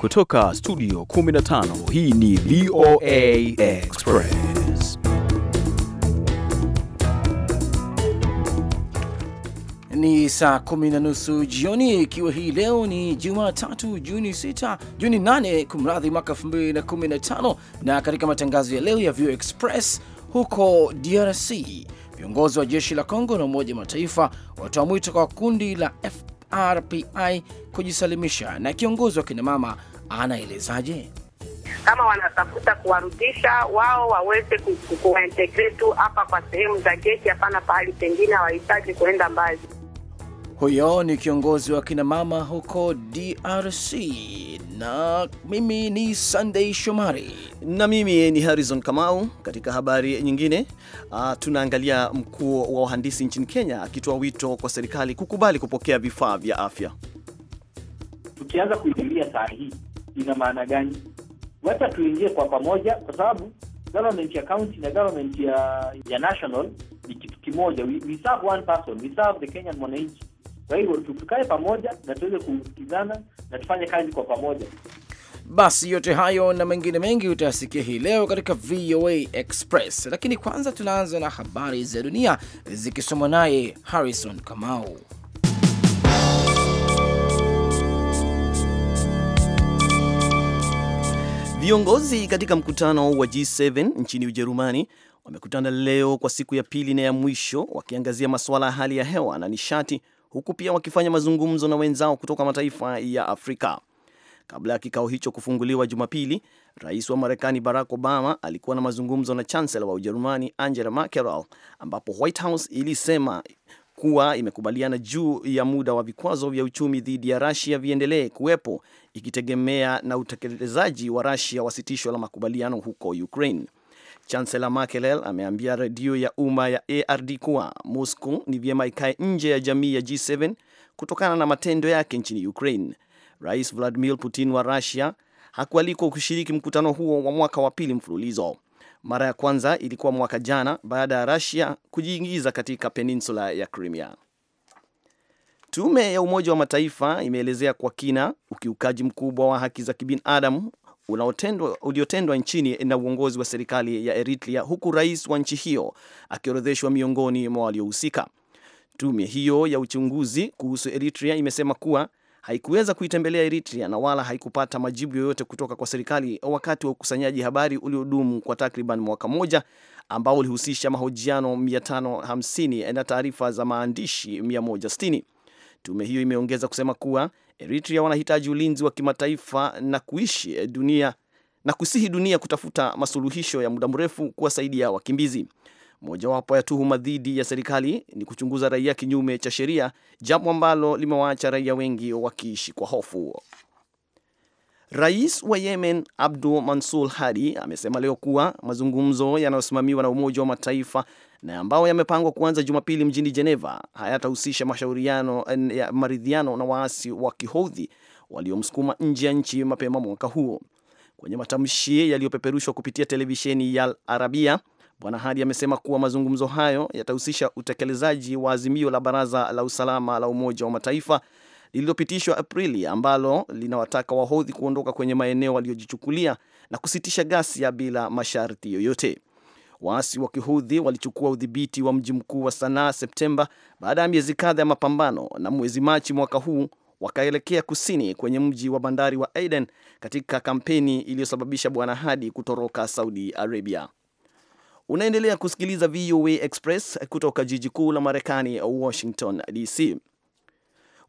Kutoka studio 15 hii ni VOA Express. Ni saa kumi na nusu jioni, ikiwa hii leo ni Jumatatu Juni 6 Juni 8 kumradhi, mwaka 2015 na katika matangazo ya leo ya VOA Express huko DRC, viongozi wa jeshi la Kongo na Umoja wa Mataifa watoa mwito kwa kundi la RPI kujisalimisha, na kiongozi wa kinamama anaelezaje? Kama wanatafuta kuwarudisha wao waweze kuwaintegretu hapa kwa sehemu za geti, hapana pahali pengine, hawahitaji kuenda mbali. Huyo ni kiongozi wa kinamama huko DRC. Na mimi ni Sunday Shomari na mimi ni Harrison Kamau. Katika habari nyingine, uh, tunaangalia mkuu wa wahandisi nchini Kenya akitoa wito kwa serikali kukubali kupokea vifaa vya afya. Tukianza kuingilia saa hii ina maana gani? Wacha tuingie kwa pamoja, kwa sababu government ya county na government ya, ya national ni kitu kimoja. We, we serve one person, we serve the Kenyan mwananchi kwa hivyo tukae pamoja na tuweze kusikizana na tufanye kazi kwa pamoja. Basi yote hayo na mengine mengi utayasikia hii leo katika VOA Express, lakini kwanza tunaanza na habari za dunia zikisomwa naye Harrison Kamau. Viongozi katika mkutano wa G7 nchini Ujerumani wamekutana leo kwa siku ya pili na ya mwisho wakiangazia masuala ya hali ya hewa na nishati huku pia wakifanya mazungumzo na wenzao kutoka mataifa ya Afrika. Kabla ya kikao hicho kufunguliwa Jumapili, rais wa Marekani Barack Obama alikuwa na mazungumzo na chancellor wa Ujerumani Angela Merkel, ambapo White House ilisema kuwa imekubaliana juu ya muda wa vikwazo vya uchumi dhidi ya Russia viendelee kuwepo ikitegemea na utekelezaji wa Russia wa sitisho la makubaliano huko Ukraine. Chancellor Merkel ameambia redio ya umma ya ARD kuwa Moscow ni vyema ikae nje ya jamii ya G7 kutokana na matendo yake nchini Ukraine. Rais Vladimir Putin wa Russia hakualikwa kushiriki mkutano huo wa mwaka wa pili mfululizo. Mara ya kwanza ilikuwa mwaka jana baada ya Russia kujiingiza katika peninsula ya Crimea. Tume ya Umoja wa Mataifa imeelezea kwa kina ukiukaji mkubwa wa haki za kibinadamu uliotendwa nchini na uongozi wa serikali ya Eritrea, huku rais wa nchi hiyo akiorodheshwa miongoni mwa waliohusika. Tume hiyo ya uchunguzi kuhusu Eritrea imesema kuwa haikuweza kuitembelea Eritrea na wala haikupata majibu yoyote kutoka kwa serikali wakati wa ukusanyaji habari uliodumu kwa takriban mwaka mmoja ambao ulihusisha mahojiano 550 na taarifa za maandishi 160. Tume hiyo imeongeza kusema kuwa Eritrea wanahitaji ulinzi wa kimataifa na kuishi dunia na kusihi dunia kutafuta masuluhisho ya muda mrefu kuwasaidia wakimbizi. Mojawapo ya tuhuma dhidi ya serikali ni kuchunguza raia kinyume cha sheria, jambo ambalo limewaacha raia wengi wakiishi kwa hofu. Rais wa Yemen Abdu Mansur Hadi amesema leo kuwa mazungumzo yanayosimamiwa na Umoja wa Mataifa na ambayo yamepangwa kuanza Jumapili mjini Geneva hayatahusisha mashauriano eh, ya maridhiano na waasi wa Kihoudhi waliomsukuma nje ya nchi mapema mwaka huo. Kwenye matamshi yaliyopeperushwa kupitia televisheni ya Arabia, Bwana Hadi amesema kuwa mazungumzo hayo yatahusisha utekelezaji wa azimio la Baraza la Usalama la Umoja wa Mataifa lililopitishwa Aprili ambalo linawataka wahodhi kuondoka kwenye maeneo waliyojichukulia na kusitisha ghasia bila masharti yoyote. Waasi wa kihudhi walichukua udhibiti wa mji mkuu wa Sanaa Septemba baada ya miezi kadha ya mapambano, na mwezi Machi mwaka huu wakaelekea kusini kwenye mji wa bandari wa Aden katika kampeni iliyosababisha Bwana Hadi kutoroka Saudi Arabia. Unaendelea kusikiliza VOA Express kutoka jiji kuu la Marekani, Washington DC.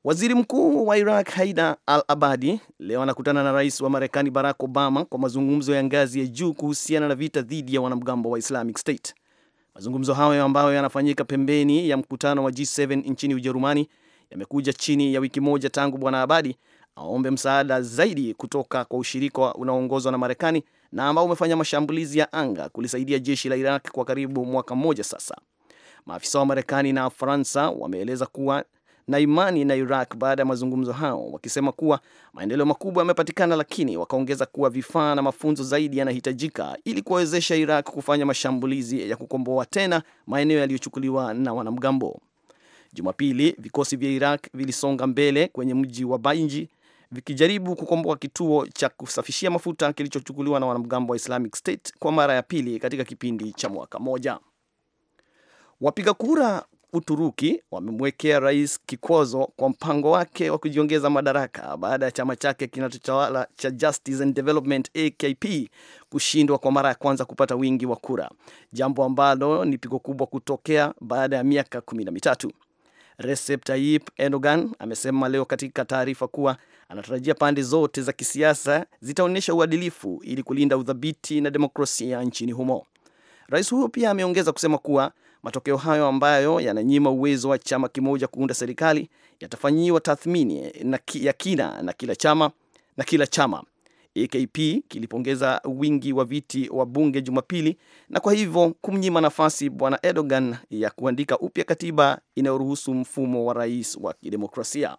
Waziri mkuu wa Iraq Haida al Abadi leo anakutana na rais wa Marekani Barack Obama kwa mazungumzo ya ngazi ya juu kuhusiana na vita dhidi ya wanamgambo wa Islamic State. Mazungumzo hayo ambayo yanafanyika pembeni ya mkutano wa G7 nchini Ujerumani yamekuja chini ya wiki moja tangu Bwana Abadi aombe msaada zaidi kutoka kwa ushirika unaoongozwa na Marekani na ambao umefanya mashambulizi ya anga kulisaidia jeshi la Iraq kwa karibu mwaka mmoja sasa. Maafisa wa Marekani na Faransa wameeleza kuwa na imani na Iraq baada ya mazungumzo hao, wakisema kuwa maendeleo makubwa yamepatikana, lakini wakaongeza kuwa vifaa na mafunzo zaidi yanahitajika ili kuwawezesha Iraq kufanya mashambulizi ya kukomboa tena maeneo yaliyochukuliwa na wanamgambo. Jumapili, vikosi vya Iraq vilisonga mbele kwenye mji wa Bainji vikijaribu kukomboa kituo cha kusafishia mafuta kilichochukuliwa na wanamgambo wa Islamic State kwa mara ya pili katika kipindi cha mwaka moja. Wapiga kura Uturuki wamemwekea rais kikwazo kwa mpango wake wa kujiongeza madaraka baada ya chama chake kinachotawala cha Justice and Development AKP kushindwa kwa mara ya kwanza kupata wingi wa kura, jambo ambalo ni pigo kubwa kutokea baada ya miaka kumi na mitatu. Recep Tayyip Erdogan amesema leo katika taarifa kuwa anatarajia pande zote za kisiasa zitaonyesha uadilifu ili kulinda uthabiti na demokrasia nchini humo. Rais huyo pia ameongeza kusema kuwa Matokeo hayo ambayo yananyima uwezo wa chama kimoja kuunda serikali yatafanyiwa tathmini na ki, ya kina na kila chama na kila chama. AKP kilipongeza wingi wa viti wa bunge Jumapili na kwa hivyo kumnyima nafasi bwana Erdogan ya kuandika upya katiba inayoruhusu mfumo wa rais wa kidemokrasia.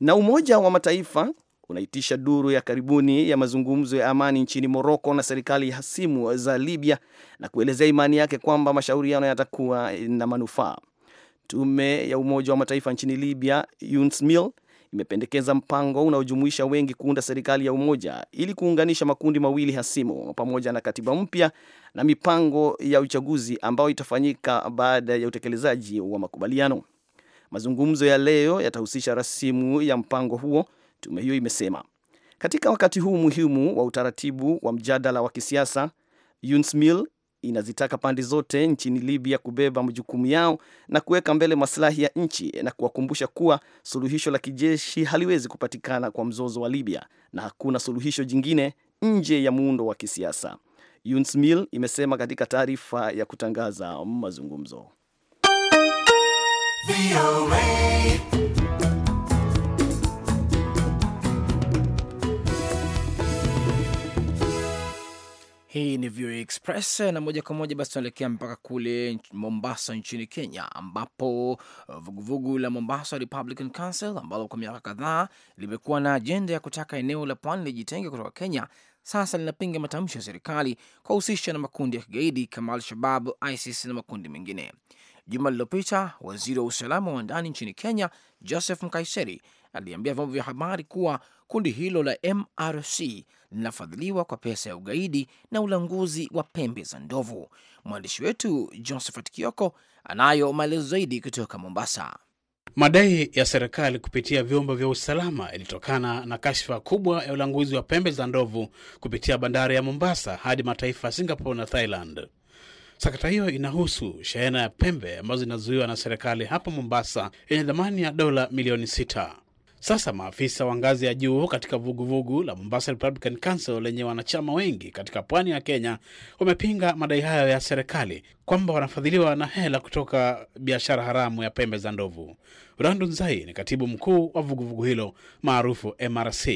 Na Umoja wa Mataifa unaitisha duru ya karibuni ya mazungumzo ya amani nchini Moroko na serikali hasimu za Libya na kuelezea imani yake kwamba mashauriano yatakuwa na manufaa. Tume ya Umoja wa Mataifa nchini Libya, UNSMIL, imependekeza mpango unaojumuisha wengi kuunda serikali ya umoja ili kuunganisha makundi mawili hasimu pamoja na katiba mpya na mipango ya uchaguzi ambayo itafanyika baada ya utekelezaji wa makubaliano. Mazungumzo ya leo yatahusisha rasimu ya mpango huo tume hiyo imesema. Katika wakati huu muhimu wa utaratibu wa mjadala wa kisiasa, UNSMIL inazitaka pande zote nchini Libya kubeba majukumu yao na kuweka mbele masilahi ya nchi na kuwakumbusha kuwa suluhisho la kijeshi haliwezi kupatikana kwa mzozo wa Libya na hakuna suluhisho jingine nje ya muundo wa kisiasa, UNSMIL imesema katika taarifa ya kutangaza mazungumzo. Hii ni VOA Express na moja kwa moja basi tunaelekea mpaka kule Mombasa nchini Kenya, ambapo uh, vuguvugu la Mombasa Republican Council ambalo kwa miaka kadhaa limekuwa na ajenda ya kutaka eneo la pwani lijitenge kutoka Kenya, sasa linapinga matamshi ya serikali kwa husisha na makundi ya kigaidi kama Al-Shabab, ISIS na makundi mengine. Juma lililopita waziri wa usalama wa ndani nchini Kenya Joseph Mkaiseri aliambia vyombo vya habari kuwa kundi hilo la MRC linafadhiliwa kwa pesa ya ugaidi na ulanguzi wa pembe za ndovu. Mwandishi wetu Josephat Kioko anayo maelezo zaidi kutoka Mombasa. Madai ya serikali kupitia vyombo vya usalama ilitokana na kashfa kubwa ya ulanguzi wa pembe za ndovu kupitia bandari ya Mombasa hadi mataifa ya Singapore na Thailand. Sakata hiyo inahusu shehena ya pembe ambazo zinazuiwa na serikali hapa Mombasa yenye thamani ya dola milioni sita. Sasa maafisa wa ngazi ya juu katika vuguvugu vugu la Mombasa Republican Council lenye wanachama wengi katika pwani ya Kenya wamepinga madai hayo ya serikali kwamba wanafadhiliwa na hela kutoka biashara haramu ya pembe za ndovu. Randu Nzai ni katibu mkuu wa vuguvugu vugu hilo maarufu MRC.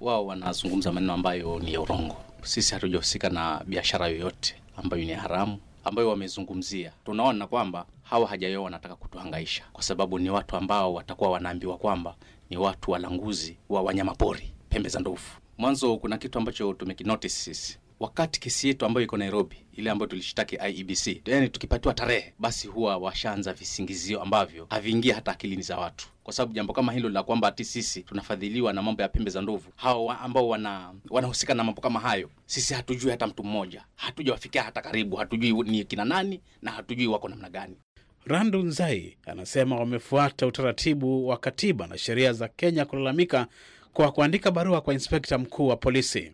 Wao wanazungumza maneno ambayo ni ya urongo. Sisi hatujahusika na biashara yoyote ambayo ni haramu ambayo wamezungumzia. Tunaona kwamba hawa hajaoa wanataka kutuhangaisha, kwa sababu ni watu ambao watakuwa wanaambiwa kwamba ni watu walanguzi wa wanyamapori pembe za ndovu. Mwanzo kuna kitu ambacho tumekinotice sisi wakati kesi yetu ambayo iko Nairobi, ile ambayo tulishitaki IEBC, yani tukipatiwa tarehe, basi huwa washaanza visingizio ambavyo haviingia hata akilini za watu, kwa sababu jambo kama hilo la kwamba ati sisi tunafadhiliwa na mambo ya pembe za ndovu, hao ambao wana wanahusika na mambo kama hayo, sisi hatujui hata mtu mmoja, hatujawafikia hata karibu, hatujui ni kina nani na hatujui wako namna gani. Randu Nzai anasema wamefuata utaratibu wa katiba na sheria za Kenya kulalamika kwa kuandika barua kwa inspekta mkuu wa polisi,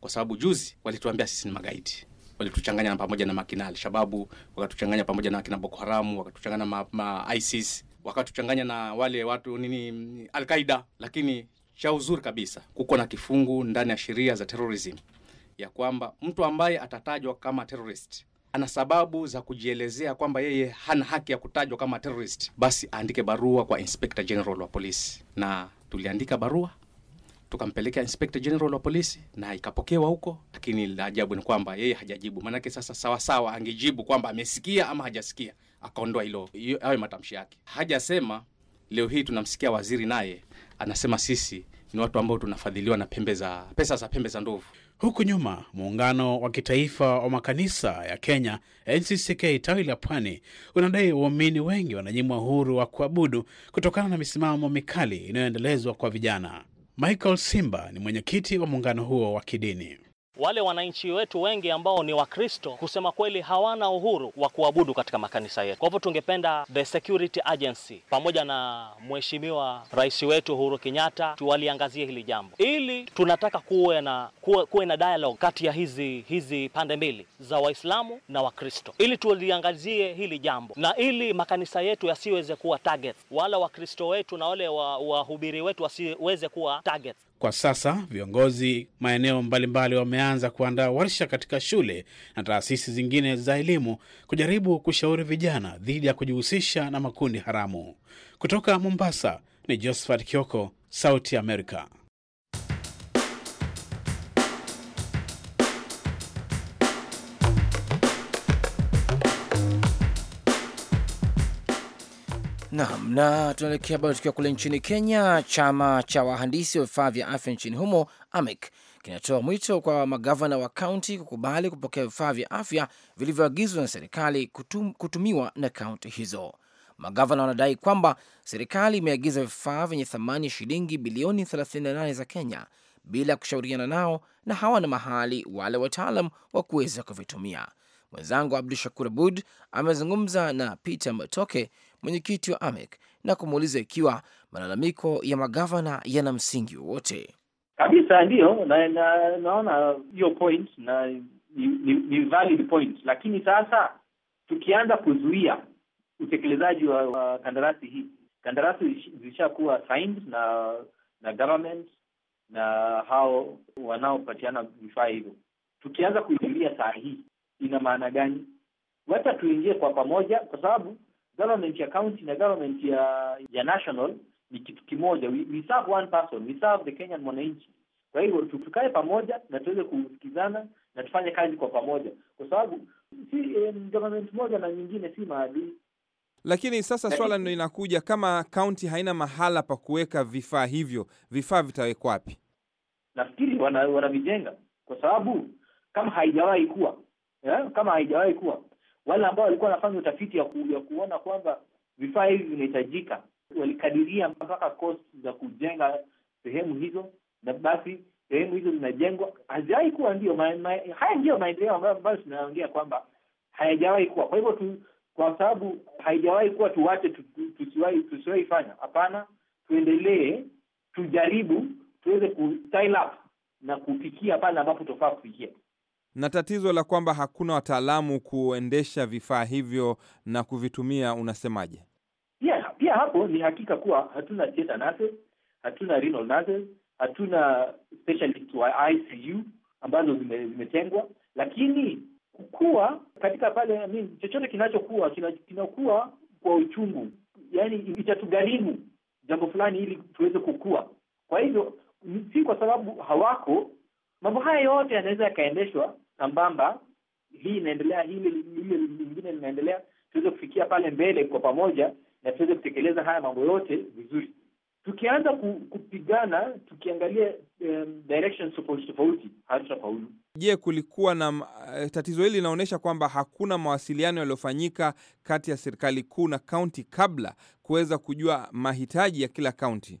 kwa sababu juzi walituambia sisi ni magaidi walituchanganya pamoja na makina Alshababu, wakatuchanganya pamoja na wakina Boko Haramu, wakatuchanganya ma, ma ISIS, wakatuchanganya na wale watu nini Alqaida. Lakini cha uzuri kabisa, kuko na kifungu ndani ya sheria za terrorism ya kwamba mtu ambaye atatajwa kama terrorist ana sababu za kujielezea kwamba yeye hana haki ya kutajwa kama terrorist, basi aandike barua kwa Inspector General wa polisi. Na tuliandika barua tukampelekea Inspector General wa polisi na ikapokewa huko, lakini la ajabu ni kwamba yeye hajajibu. Maanake sasa sawasawa sawa, angejibu kwamba amesikia ama hajasikia, akaondoa hilo hayo matamshi yake, hajasema. Leo hii tunamsikia waziri naye anasema sisi ni watu ambao tunafadhiliwa na pembe za pesa za pembe za ndovu. Huku nyuma muungano wa kitaifa wa makanisa ya Kenya NCCK tawi la Pwani unadai waumini wengi wananyimwa uhuru wa kuabudu kutokana na misimamo mikali inayoendelezwa kwa vijana. Michael Simba ni mwenyekiti wa muungano huo wa kidini. Wale wananchi wetu wengi ambao ni Wakristo kusema kweli hawana uhuru wa kuabudu katika makanisa yetu. Kwa hivyo tungependa the security agency pamoja na mheshimiwa rais wetu Uhuru Kenyatta tuwaliangazie hili jambo, ili tunataka kuwe na, kuwe, kuwe na dialogue kati ya hizi, hizi pande mbili za Waislamu na Wakristo ili tuliangazie hili jambo na ili makanisa yetu yasiweze kuwa target, wala Wakristo wetu na wale wahubiri wa wetu wasiweze kuwa target. Kwa sasa viongozi maeneo mbalimbali wameanza kuandaa warsha katika shule na taasisi zingine za elimu kujaribu kushauri vijana dhidi ya kujihusisha na makundi haramu. Kutoka Mombasa ni Josephat Kioko, Sauti america Naam, na tunaelekea bado tukiwa kule nchini Kenya. Chama cha wahandisi wa vifaa vya afya nchini humo amec kinatoa mwito kwa magavana wa kaunti kukubali kupokea vifaa vya afya vilivyoagizwa na serikali kutum, kutumiwa na kaunti hizo. Magavana wanadai kwamba serikali imeagiza vifaa vyenye thamani ya shilingi bilioni 38 za Kenya bila kushauriana nao na hawana mahali wale wataalam wa kuweza kuvitumia. Mwenzangu Abdu Shakur Abud amezungumza na Peter Matoke, mwenyekiti wa AMEC na kumuuliza ikiwa malalamiko ya magavana yana msingi wowote. Kabisa ndiyo na, na, naona hiyo point na ni, ni, ni valid point, lakini sasa tukianza kuzuia utekelezaji wa, wa kandarasi hii, kandarasi zilishakuwa signed na na government na hao wanaopatiana vifaa hivyo, tukianza kuizuia saa hii, ina maana gani? Wacha tuingie kwa pamoja, kwa sababu government ya county na government ya ya national ni kitu kimoja. We, we serve one person, we serve the Kenyan mwananchi. Kwa hivyo tukae pamoja na tuweze kusikizana na tufanye kazi kwa pamoja, kwa sababu si um, government moja na nyingine si maadili. Lakini sasa swala ndio inakuja, kama kaunti haina mahala pa kuweka vifaa hivyo, vifaa vitawekwa wapi? Nafikiri wanavijenga wana, kwa sababu kama haijawahi kuwa yeah, kama haijawahi kuwa wale ambao walikuwa wanafanya utafiti ya, ku, ya kuona kwamba vifaa hivi vinahitajika walikadiria mpaka cost za kujenga sehemu hizo, na basi sehemu hizo zinajengwa haziwahi kuwa ndio ma, ma, haya ndiyo maendeleo ambayo tunaongea kwamba hayajawahi kuwa. Kwa hivyo tu, kwa sababu haijawahi kuwa tuwache tusiwahi fanya, hapana, tuendelee, tujaribu, tuweze ku style up na kufikia pale ambapo tunafaa kufikia na tatizo la kwamba hakuna wataalamu kuendesha vifaa hivyo na kuvitumia, unasemaje? Pia yeah, yeah, hapo ni hakika kuwa hatuna theatre nurses, hatuna renal nurses, hatuna specialist wa ICU ambazo zimetengwa, lakini kukua katika pale, I mean, chochote kinachokuwa kinakuwa kwa uchungu, yani itatugharimu jambo fulani ili tuweze kukua. Kwa hivyo si kwa sababu hawako Mambo haya yote yanaweza yakaendeshwa sambamba, hii inaendelea, hili lingine linaendelea, tuweze kufikia pale mbele kwa pamoja, na tuweze kutekeleza haya mambo yote vizuri. Tukianza kupigana tukiangalia um, directions tofauti tofauti, hatutafaulu. Je, kulikuwa na uh, tatizo hili linaonyesha kwamba hakuna mawasiliano yaliyofanyika kati ya serikali kuu na kaunti kabla kuweza kujua mahitaji ya kila kaunti.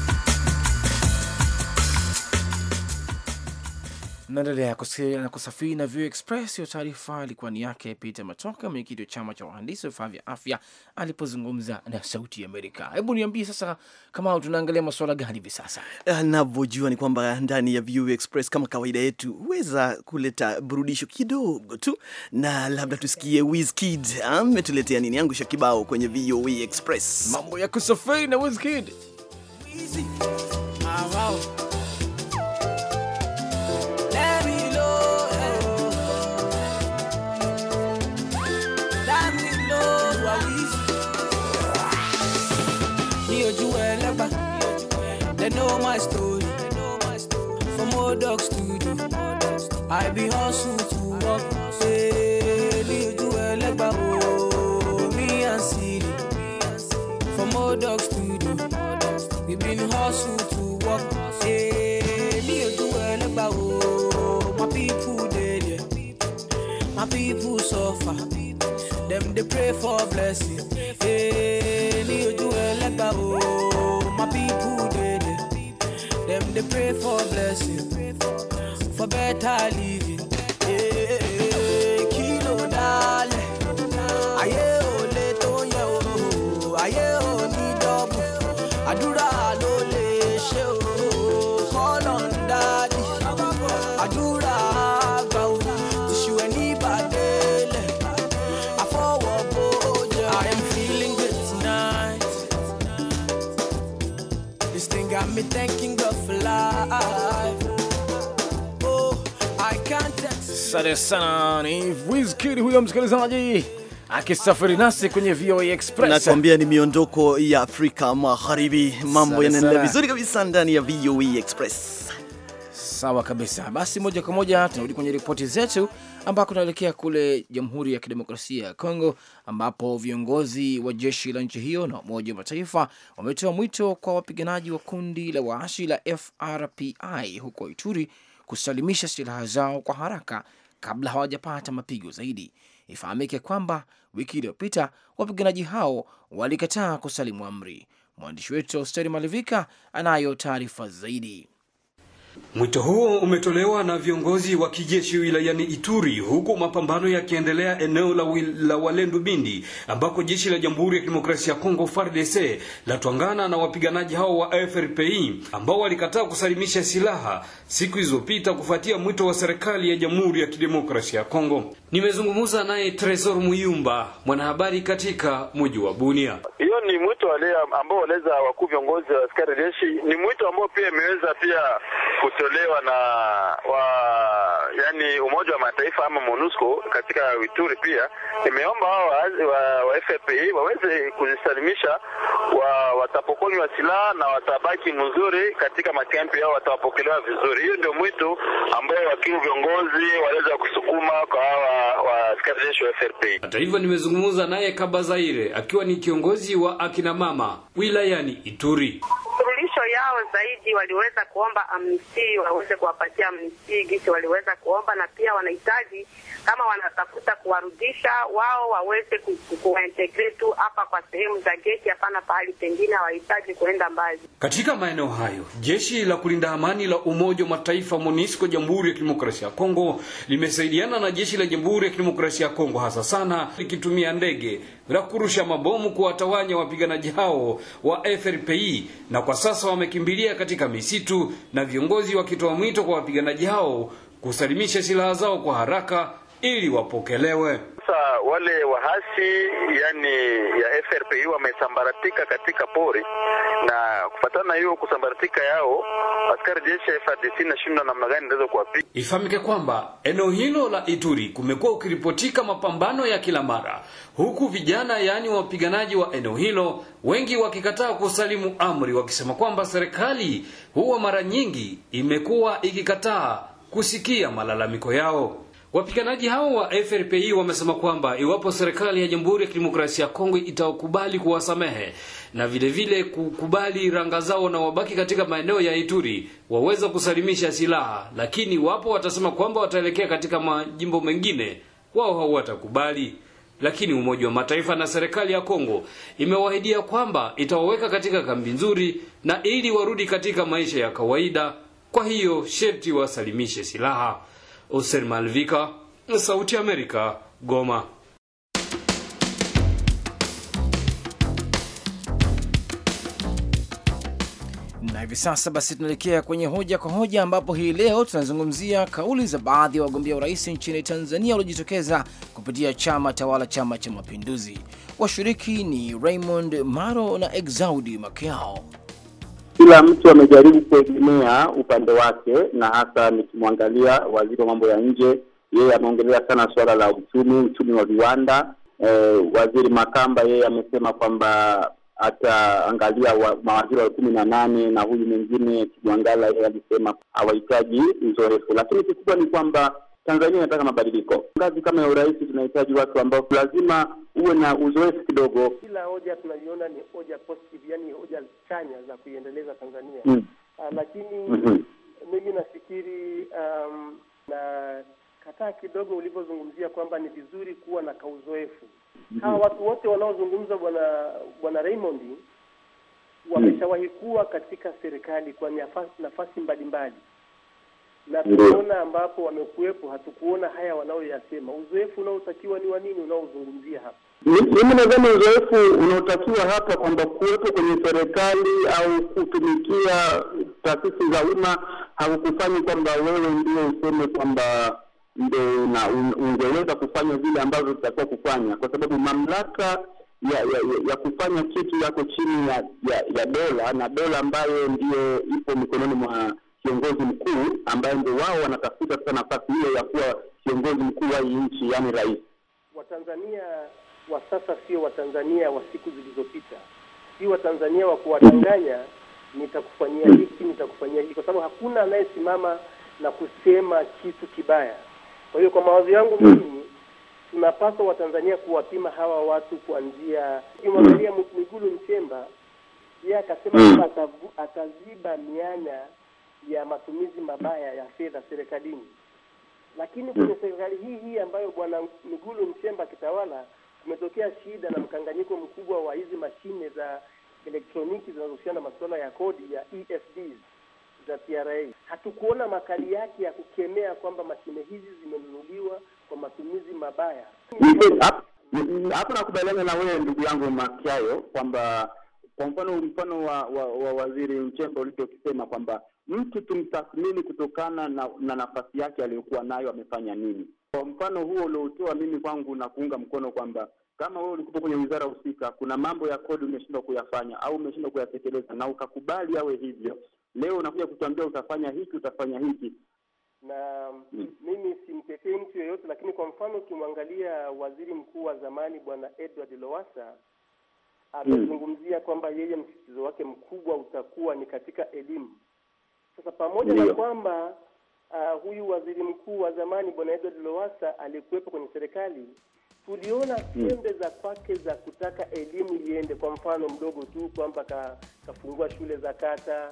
Naendelea kusikia na kusafiri na View Express. Hiyo taarifa alikuwa ni yake Peter Matoka, mwenyekiti wa chama cha wahandisi wa vifaa vya afya alipozungumza na Sauti ya Amerika. Hebu niambie sasa, kama tunaangalia masuala gani hivi sasa? Anavyojua eh, ni kwamba ndani ya View Express kama kawaida yetu huweza kuleta burudisho kidogo tu, na labda tusikie Wizkid ah, ametuletea nini yangu sha kibao kwenye View Express, mambo ya kusafiri na Wizkid. story. For more dogs to do. I be hustling to work. Say, do you elegba oh, me and silly. For more dogs to do. We been hustling to work. Say, do you elegba oh, my people daily. My people suffer. Them they pray for blessing. Hey, do you elegba oh, my people. They pray for blessing, for better living. kilo dale, ayé ò lè tó yẹ o, ayé ò ní dọ́bù, àdúrà ló lè ṣe o, kọ́nà ń dádì, àdúrà àgbà o, ni adura lo le o adura o I am feeling good tonight, this thing got me thanking God. Asante sana, ni Wizkid huyo msikilizaji akisafiri nasi kwenye VOA Express. Nakwambia ni miondoko ya Afrika Magharibi, mambo yanaendelea vizuri kabisa ndani ya VOA Express. Sawa kabisa, basi moja kwa moja tunarudi kwenye ripoti zetu ambako tunaelekea kule Jamhuri ya Kidemokrasia ya Kongo, ambapo viongozi wa jeshi la nchi hiyo na Umoja wa Mataifa wametoa mwito kwa wapiganaji wa kundi la waasi la FRPI huko Ituri kusalimisha silaha zao kwa haraka kabla hawajapata mapigo zaidi. Ifahamike kwamba wiki iliyopita wapiganaji hao walikataa kusalimu amri. Mwandishi wetu Austeri Malivika anayo taarifa zaidi. Mwito huo umetolewa na viongozi wa kijeshi wilayani Ituri huku mapambano yakiendelea eneo la, la Walendu Bindi ambako jeshi la Jamhuri ya Kidemokrasia ya Kongo FARDC latwangana na wapiganaji hao wa FRPI ambao walikataa kusalimisha silaha siku zilizopita kufuatia mwito wa serikali ya Jamhuri ya Kidemokrasia ya Kongo. Nimezungumza naye Tresor Muyumba, mwanahabari katika mji wa Bunia. Hiyo ni mwito wale ambao waleza wakuu viongozi wa askari jeshi, ni mwito ambao pia imeweza pia kutolewa na wa yani Umoja wa Mataifa ama MONUSCO katika Ituri pia nimeomba hao wa, wa, wa FPI waweze kuzisalimisha wa, watapokonywa silaha na watabaki mzuri katika makampi yao, watawapokelewa vizuri. Hiyo ndio mwito ambao wakiu viongozi waweza kusukuma kwa hawa waaskari jeshi wa FPI. Hata hivyo, nimezungumza naye Kabazaire akiwa ni kiongozi wa akinamama wilayani Ituri. yao zaidi waliweza kuomba amnistia si waweze kuwapatia msingi si waliweza kuomba, na pia wanahitaji kama wanatafuta kuwarudisha wao waweze kuwaintegrate tu hapa kwa sehemu za jeshi, hapana pahali pengine, hawahitaji kuenda mbali. Katika maeneo hayo, jeshi la kulinda amani la Umoja wa Mataifa MONUSCO Jamhuri ya Kidemokrasia ya Kongo limesaidiana na jeshi la Jamhuri ya Kidemokrasia ya Kongo hasa sana likitumia ndege la kurusha mabomu kuwatawanya wapiganaji hao wa FRPI, na kwa sasa wamekimbilia katika misitu, na viongozi wakitoa mwito kwa wapiganaji hao kusalimisha silaha zao kwa haraka ili wapokelewe sasa wale wahasi yani ya FRPI wamesambaratika katika pori, na na hiyo kusambaratika yao, askari jeshi ya FARDC inashindwa namna gani inaweza kuwapiga. Ifahamike kwamba eneo hilo la Ituri kumekuwa ukiripotika mapambano ya kila mara, huku vijana yaani wapiganaji wa eneo hilo wengi wakikataa kusalimu amri, wakisema kwamba serikali huwa mara nyingi imekuwa ikikataa kusikia malalamiko yao. Wapiganaji hao wa FRPI wamesema kwamba iwapo serikali ya Jamhuri ya Kidemokrasia ya Kongo itakubali kuwasamehe na vilevile vile kukubali ranga zao na wabaki katika maeneo ya Ituri, waweza kusalimisha silaha, lakini wapo watasema kwamba wataelekea katika majimbo mengine, wao hawatakubali. Lakini Umoja wa Mataifa na serikali ya Kongo imewahidia kwamba itawaweka katika kambi nzuri na ili warudi katika maisha ya kawaida, kwa hiyo sherti wasalimishe silaha. Oser Malvika, Sauti Amerika, Goma. Na hivi sasa basi tunaelekea kwenye hoja kwa hoja, ambapo hii leo tunazungumzia kauli za baadhi ya wagombea urais nchini Tanzania waliojitokeza kupitia chama tawala, Chama cha Mapinduzi. Washiriki ni Raymond Maro na Exaudi Makiao kila mtu amejaribu kuegemea upande wake, na hasa nikimwangalia waziri wa mambo ya nje, yeye ameongelea sana suala la uchumi, uchumi wa viwanda. Eh, waziri Makamba yeye amesema kwamba ataangalia mawaziri wa kumi na nane na huyu mwingine Kimwangala yeye alisema hawahitaji uzoefu, lakini kikubwa ni kwamba Tanzania inataka mabadiliko. Ngazi kama ya urais tunahitaji watu ambao lazima uwe na uzoefu kidogo. Kila hoja tunaiona ni hoja positive, yani hoja chanya za kuiendeleza Tanzania mm. Uh, lakini mm -hmm. mimi nafikiri um, na kataa kidogo ulivyozungumzia kwamba ni vizuri kuwa na kauzoefu mm -hmm. hawa watu wote wanaozungumza bwana bwana Raymond mm. wameshawahi kuwa katika serikali kwa nafasi mbalimbali na tunaona ambapo wamekuwepo, hatukuona haya wanaoyasema. Uzoefu unaotakiwa ni wa nini unaozungumzia hapa? Mimi nadhani uzoefu unaotakiwa hapa kwamba kuwepo kwenye serikali au kutumikia taasisi za umma haukufanyi kwamba wewe ndio useme kwamba ndo na ungeweza kufanya vile ambavyo tutakiwa kufanya, kwa sababu mamlaka ya ya, ya, ya kufanya kitu yako chini ya, ya, ya dola na dola ambayo ndiyo ipo mikononi mwa kiongozi mkuu ambaye ndio wao wanatafuta sasa nafasi hiyo ya kuwa kiongozi mkuu wa hii nchi, yani rais. Watanzania wa sasa sio Watanzania wa siku zilizopita, si Watanzania wa kuwadanganya nitakufanyia hmm. hiki nitakufanyia hiki, kwa sababu hakuna anayesimama na kusema kitu kibaya. Kwa hiyo kwa mawazo yangu hmm. mimi, tunapaswa Watanzania kuwapima hawa watu kwa njia. Ukimwangalia hmm. Mwigulu Nchemba, yeye akasema kwamba ataziba mianya ya matumizi mabaya ya fedha serikalini, lakini mm. kwenye serikali hii hii ambayo bwana mgulu mchemba akitawala kumetokea shida na mkanganyiko mkubwa wa hizi mashine za elektroniki zinazohusiana na masuala ya kodi ya EFDs za TRA. Hatukuona makali yake ya kukemea kwamba mashine hizi zimenunuliwa kwa matumizi mabaya. Hapo nakubaliana na wewe ndugu yangu Makiayo kwamba kwa mfano mfano wa, wa, wa waziri Mchemba ulichokisema kwamba mtu tumtathmini kutokana na, na nafasi yake aliyokuwa nayo, amefanya nini. Kwa mfano huo uliotoa, mimi kwangu na kuunga mkono kwamba kama wewe ulikuwa kwenye wizara husika, kuna mambo ya kodi umeshindwa kuyafanya au umeshindwa kuyatekeleza na ukakubali yawe hivyo, leo unakuja kutuambia utafanya hiki utafanya hiki na hmm. mimi simtetee mtu yeyote, lakini kwa mfano ukimwangalia waziri mkuu wa zamani Bwana Edward Lowassa hmm. amezungumzia kwamba yeye msisitizo wake mkubwa utakuwa ni katika elimu pamoja na kwamba uh, huyu waziri mkuu wa zamani bwana Edward Lowassa alikuwepo kwenye serikali tuliona hmm. pembe za kwake za kutaka elimu iende. Kwa mfano mdogo tu kwamba kafungua ka shule za kata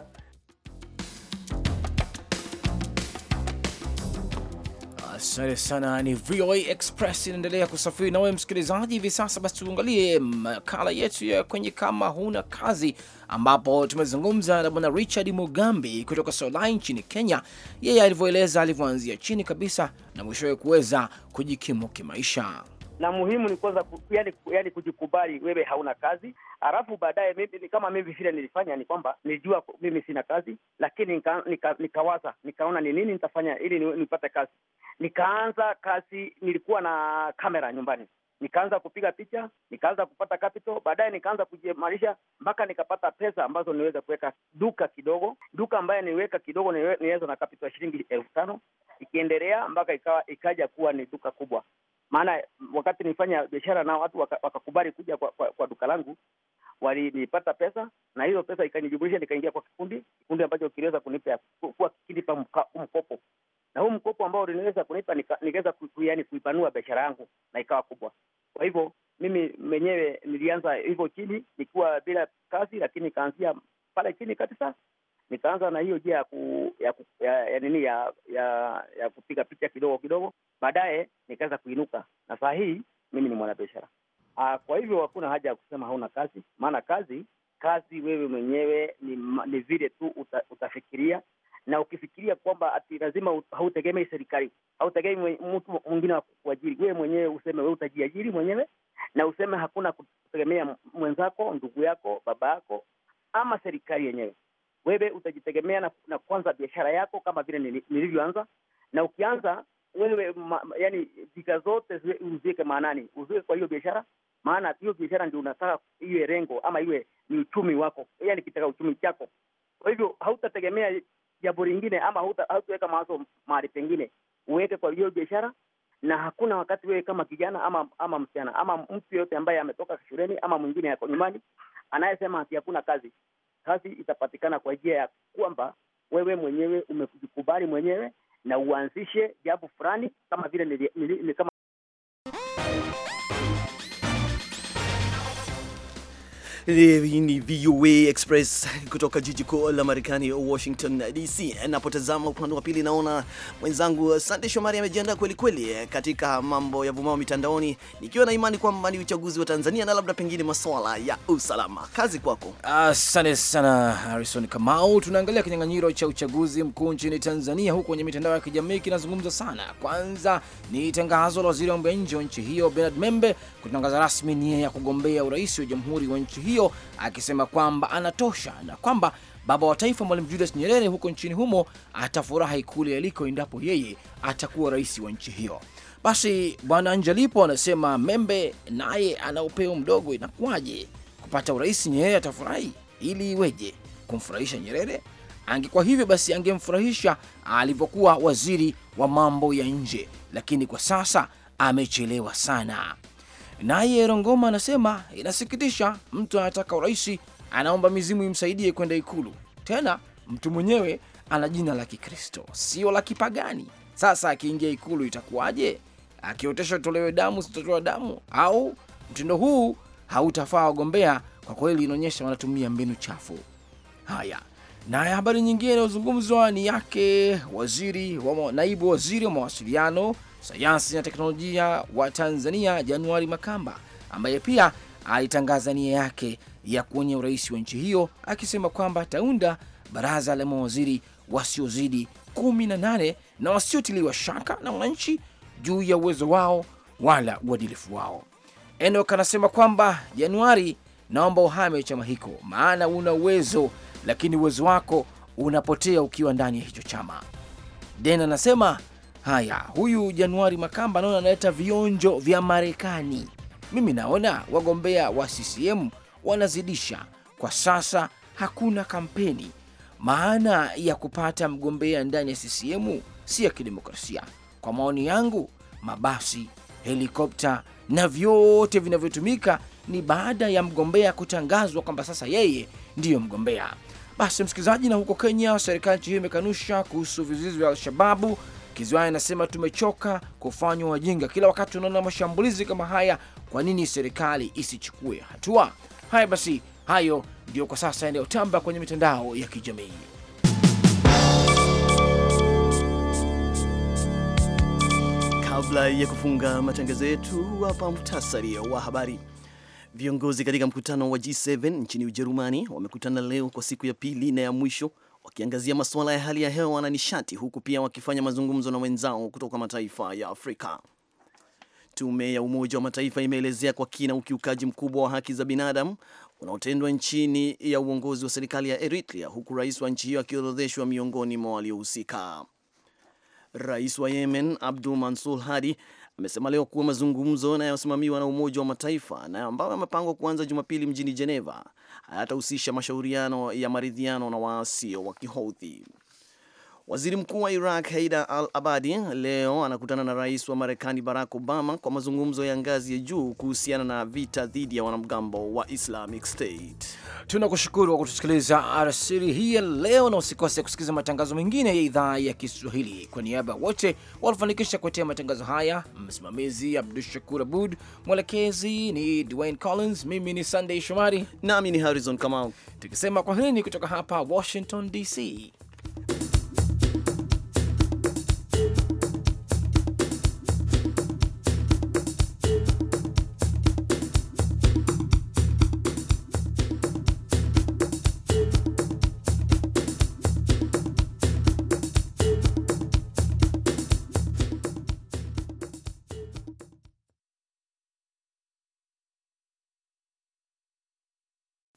Asante sana, ni VOA Express inaendelea kusafiri na wewe msikilizaji. Hivi sasa basi, tuangalie makala yetu ya kwenye kama huna kazi, ambapo tumezungumza na bwana Richard Mugambi kutoka Solai nchini Kenya, yeye alivyoeleza alivyoanzia chini kabisa na mwishowe kuweza kujikimu kimaisha na muhimu ni kwanza ku, yani, yani kujikubali wewe hauna kazi, alafu baadaye mimi kama mimi vile nilifanya ni kwamba nijua mimi sina kazi, lakini nikawaza nika, nika nikaona ni nini nitafanya ili nipate kazi. Nikaanza kazi, nilikuwa na kamera nyumbani nikaanza kupiga picha, nikaanza kupata capital, baadaye nikaanza kujimarisha mpaka nikapata pesa ambazo niweza kuweka duka kidogo, duka ambayo niweka kidogo niweza na capital ya shilingi elfu tano ikiendelea mpaka ikawa ikaja kuwa ni duka kubwa maana wakati nilifanya biashara na watu wakakubali waka kuja kwa, kwa, kwa duka langu, walinipata pesa na hiyo pesa ikanijumuisha, nikaingia kwa kikundi, kikundi ambacho kiliweza kunipa kuwa pa mkopo, na huu mkopo ambao uliniweza kunipa nikaweza yani kuipanua biashara yangu na ikawa kubwa. Kwa hivyo mimi mwenyewe nilianza hivyo chini, nikiwa bila kazi, lakini nikaanzia pale chini kabisa nikaanza na hiyo njia ya, ku, ya, ya, ya ya ya, ya kupiga picha kidogo kidogo Baadaye nikaweza kuinuka na saa hii mimi ni mwanabiashara. Ah, kwa hivyo hakuna haja ya kusema hauna kazi, maana kazi kazi wewe mwenyewe ni, ni vile tu uta, utafikiria na ukifikiria kwamba ati lazima hautegemei serikali, hautegemei mtu mwingine wa kuajiri, wewe mwenyewe useme wewe utajiajiri mwenyewe na useme hakuna kutegemea mwenzako, ndugu yako, baba yako ama serikali yenyewe. Wewe utajitegemea na, na kwanza biashara yako kama vile nilivyoanza, na ukianza wewe ma, yani vika zote uziweke maanani, uziweke kwa hiyo biashara, maana hiyo biashara ndio unataka iwe rengo ama iwe ni uchumi wako, yani kitaka uchumi chako. Kwa hivyo hautategemea jambo lingine ama hautaweka mawazo mahali pengine, uweke kwa hiyo biashara. Na hakuna wakati wewe kama kijana ama ama msichana ama mtu yeyote ambaye ametoka shuleni ama mwingine yako nyumbani anayesema ati hakuna kazi. Kazi itapatikana kwa njia ya kwamba wewe mwenyewe umejikubali mwenyewe na uanzishe jambo fulani kama vile Hii ni VOA Express kutoka jiji kuu la Marekani, Washington DC. Napotazama upande wa pili, naona mwenzangu Sande Shomari amejiandaa kweli kweli eh, katika mambo ya vumao mitandaoni, nikiwa na imani kwamba ni uchaguzi wa Tanzania na labda pengine masuala ya usalama. Kazi kwako. Asante sana Harrison Kamau. Tunaangalia kinyang'anyiro cha uchaguzi mkuu nchini Tanzania, huku kwenye mitandao ya kijamii kinazungumza sana. Kwanza ni tangazo la waziri wa mambo ya nje wa nchi hiyo Bernard Membe kutangaza rasmi nia ya kugombea urais wa jamhuri wa nchi hiyo hiyo akisema kwamba anatosha na kwamba baba wa taifa Mwalimu Julius Nyerere huko nchini humo atafurahi kule aliko endapo yeye atakuwa rais wa nchi hiyo. Basi bwana Njalipo anasema Membe naye ana upeo mdogo, inakuwaje kupata urais? Nyerere atafurahi ili iweje kumfurahisha Nyerere? Angekuwa hivyo basi angemfurahisha alivyokuwa waziri wa mambo ya nje, lakini kwa sasa amechelewa sana. Naye Rongoma anasema inasikitisha, mtu anataka urais, anaomba mizimu imsaidie kwenda Ikulu, tena mtu mwenyewe ana jina la Kikristo, sio la kipagani. Sasa akiingia Ikulu itakuwaje? Akiotesha tolewe damu, sitatolewa damu? Au mtindo huu hautafaa wagombea? Kwa kweli inaonyesha wanatumia mbinu chafu. Haya, na habari nyingine inayozungumzwa ni yake waziri wa naibu waziri wa mawasiliano sayansi na teknolojia wa Tanzania Januari Makamba, ambaye pia alitangaza nia yake ya kuonya urais wa nchi hiyo akisema kwamba ataunda baraza la mawaziri wasiozidi 18 na wasiotiliwa shaka na wananchi juu ya uwezo wao wala uadilifu wao. Enok anasema kwamba Januari, naomba uhame chama hiko maana una uwezo, lakini uwezo wako unapotea ukiwa ndani ya hicho chama. Den anasema Haya, huyu Januari Makamba naona analeta vionjo vya Marekani. Mimi naona wagombea wa CCM wanazidisha kwa sasa, hakuna kampeni. Maana ya kupata mgombea ndani ya CCM si ya kidemokrasia. Kwa maoni yangu, mabasi, helikopta na vyote vinavyotumika ni baada ya mgombea kutangazwa kwamba sasa yeye ndiyo mgombea. Basi msikilizaji, na huko Kenya serikali nchi hiyo imekanusha kuhusu vizuizi vya Alshababu Kiziwani anasema tumechoka kufanywa wajinga kila wakati, unaona mashambulizi kama haya. Kwa nini serikali isichukue hatua? Haya basi, hayo ndio kwa sasa yanayotamba kwenye mitandao ya kijamii. Kabla ya kufunga matangazo yetu, hapa muhtasari wa habari. Viongozi katika mkutano wa G7 nchini Ujerumani wamekutana leo kwa siku ya pili na ya mwisho wakiangazia masuala ya hali ya hewa na nishati, huku pia wakifanya mazungumzo na wenzao kutoka mataifa ya Afrika. Tume ya Umoja wa Mataifa imeelezea kwa kina ukiukaji mkubwa wa haki za binadamu unaotendwa nchini ya uongozi wa serikali ya Eritrea, huku rais wa nchi hiyo akiorodheshwa miongoni mwa waliohusika. Rais wa Yemen Abdul Mansur Hadi amesema leo kuwa mazungumzo yanayosimamiwa na Umoja wa Mataifa na ambayo yamepangwa kuanza Jumapili mjini Geneva hayatahusisha mashauriano ya maridhiano na waasi wa Kihouthi. Waziri mkuu wa Iraq haida al Abadi leo anakutana na rais wa Marekani Barack Obama kwa mazungumzo ya ngazi ya juu kuhusiana na vita dhidi ya wanamgambo wa Islamic State. Tunakushukuru kwa kutusikiliza arsiri hii ya leo, na usikose kusikiliza matangazo mengine ya idhaa ya Kiswahili. Kwa niaba ya wote walifanikisha kuetea matangazo haya, msimamizi Abdu Shakur Abud, mwelekezi ni Dwayne Collins, mimi ni Sunday Shomari nami ni Harrison Kamau, tukisema kwaherini kutoka hapa Washington DC.